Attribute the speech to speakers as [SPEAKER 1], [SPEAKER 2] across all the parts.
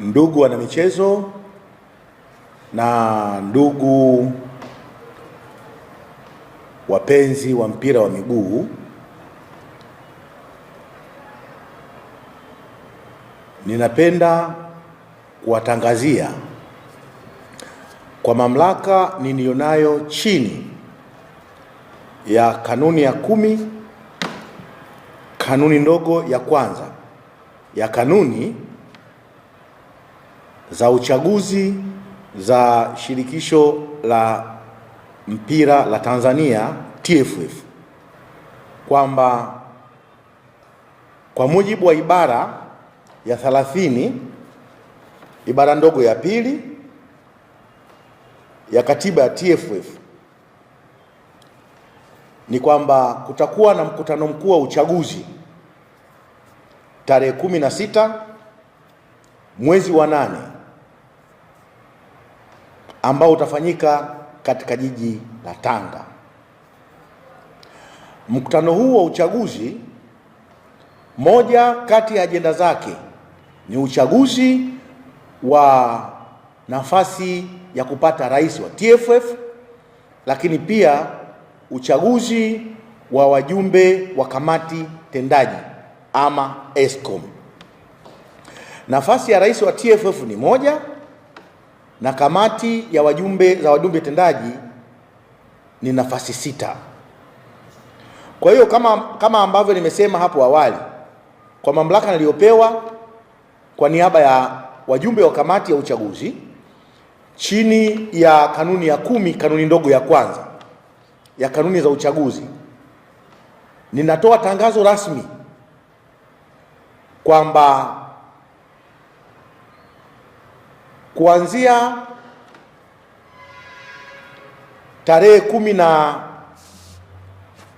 [SPEAKER 1] Ndugu michezo na ndugu wapenzi wa mpira wa miguu, ninapenda kuwatangazia kwa mamlaka niliyonayo chini ya kanuni ya kumi, kanuni ndogo ya kwanza ya kanuni za uchaguzi za shirikisho la mpira la Tanzania TFF kwamba kwa mujibu wa ibara ya thalathini ibara ndogo ya pili ya katiba ya TFF ni kwamba kutakuwa na mkutano mkuu wa uchaguzi tarehe 16 mwezi wa nane ambao utafanyika katika jiji la Tanga. Mkutano huu wa uchaguzi, moja kati ya ajenda zake ni uchaguzi wa nafasi ya kupata rais wa TFF, lakini pia uchaguzi wa wajumbe wa kamati tendaji ama ESCOM. Nafasi ya rais wa TFF ni moja na kamati ya wajumbe za wajumbe tendaji ni nafasi sita. Kwa hiyo kama, kama ambavyo nimesema hapo awali kwa mamlaka niliyopewa kwa niaba ya wajumbe wa kamati ya uchaguzi chini ya kanuni ya kumi kanuni ndogo ya kwanza ya kanuni za uchaguzi, ninatoa tangazo rasmi kwamba kuanzia tarehe kumi na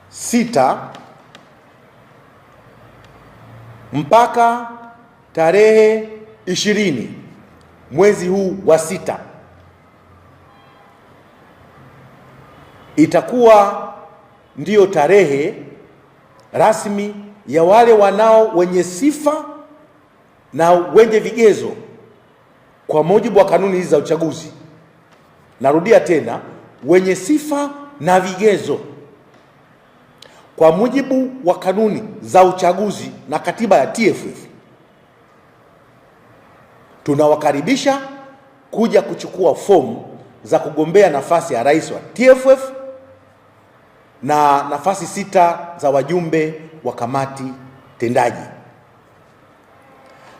[SPEAKER 1] sita mpaka tarehe ishirini mwezi huu wa sita itakuwa ndiyo tarehe rasmi ya wale wanao wenye sifa na wenye vigezo kwa mujibu wa kanuni hizi za uchaguzi, narudia tena, wenye sifa na vigezo kwa mujibu wa kanuni za uchaguzi na katiba ya TFF, tunawakaribisha kuja kuchukua fomu za kugombea nafasi ya rais wa TFF na nafasi sita za wajumbe wa kamati tendaji.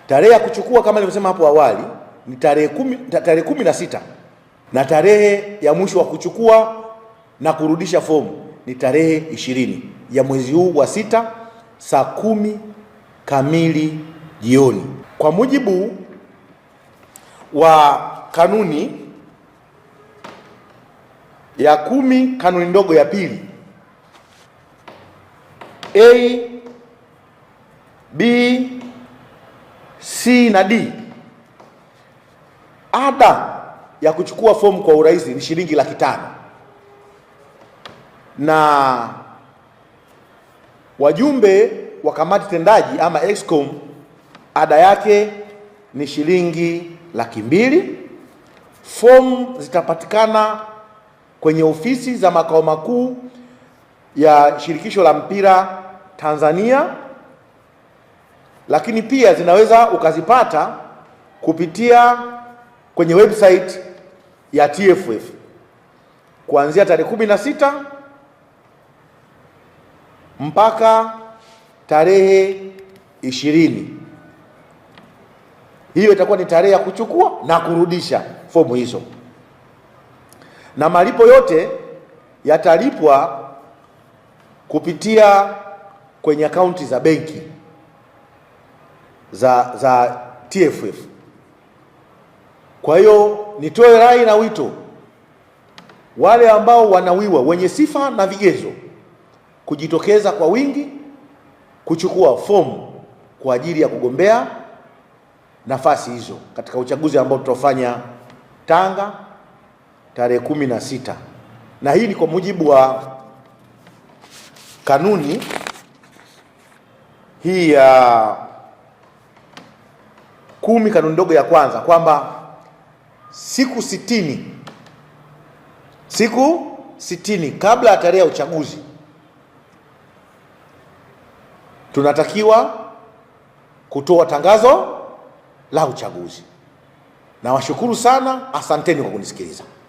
[SPEAKER 1] Tarehe ya kuchukua kama nilivyosema hapo awali ni tarehe kumi, tarehe kumi na sita na tarehe ya mwisho wa kuchukua na kurudisha fomu ni tarehe ishirini ya mwezi huu wa sita saa kumi kamili jioni kwa mujibu wa kanuni ya kumi kanuni ndogo ya pili A, B, C na D ada ya kuchukua fomu kwa urahisi ni shilingi laki tano na wajumbe wa kamati tendaji ama excom ada yake ni shilingi laki mbili. Fomu zitapatikana kwenye ofisi za makao makuu ya shirikisho la mpira Tanzania, lakini pia zinaweza ukazipata kupitia kwenye website ya TFF kuanzia tarehe kumi na sita mpaka tarehe ishirini. Hiyo itakuwa ni tarehe ya kuchukua na kurudisha fomu hizo, na malipo yote yatalipwa kupitia kwenye akaunti za benki za, za TFF. Kwa hiyo nitoe rai na wito wale ambao wanawiwa wenye sifa na vigezo kujitokeza kwa wingi kuchukua fomu kwa ajili ya kugombea nafasi hizo katika uchaguzi ambao tutafanya Tanga tarehe kumi na sita, na hii ni kwa mujibu wa kanuni hii ya uh, kumi, kanuni ndogo ya kwanza kwamba siku sitini siku sitini kabla ya tarehe ya uchaguzi tunatakiwa kutoa tangazo la uchaguzi. Nawashukuru sana, asanteni kwa kunisikiliza.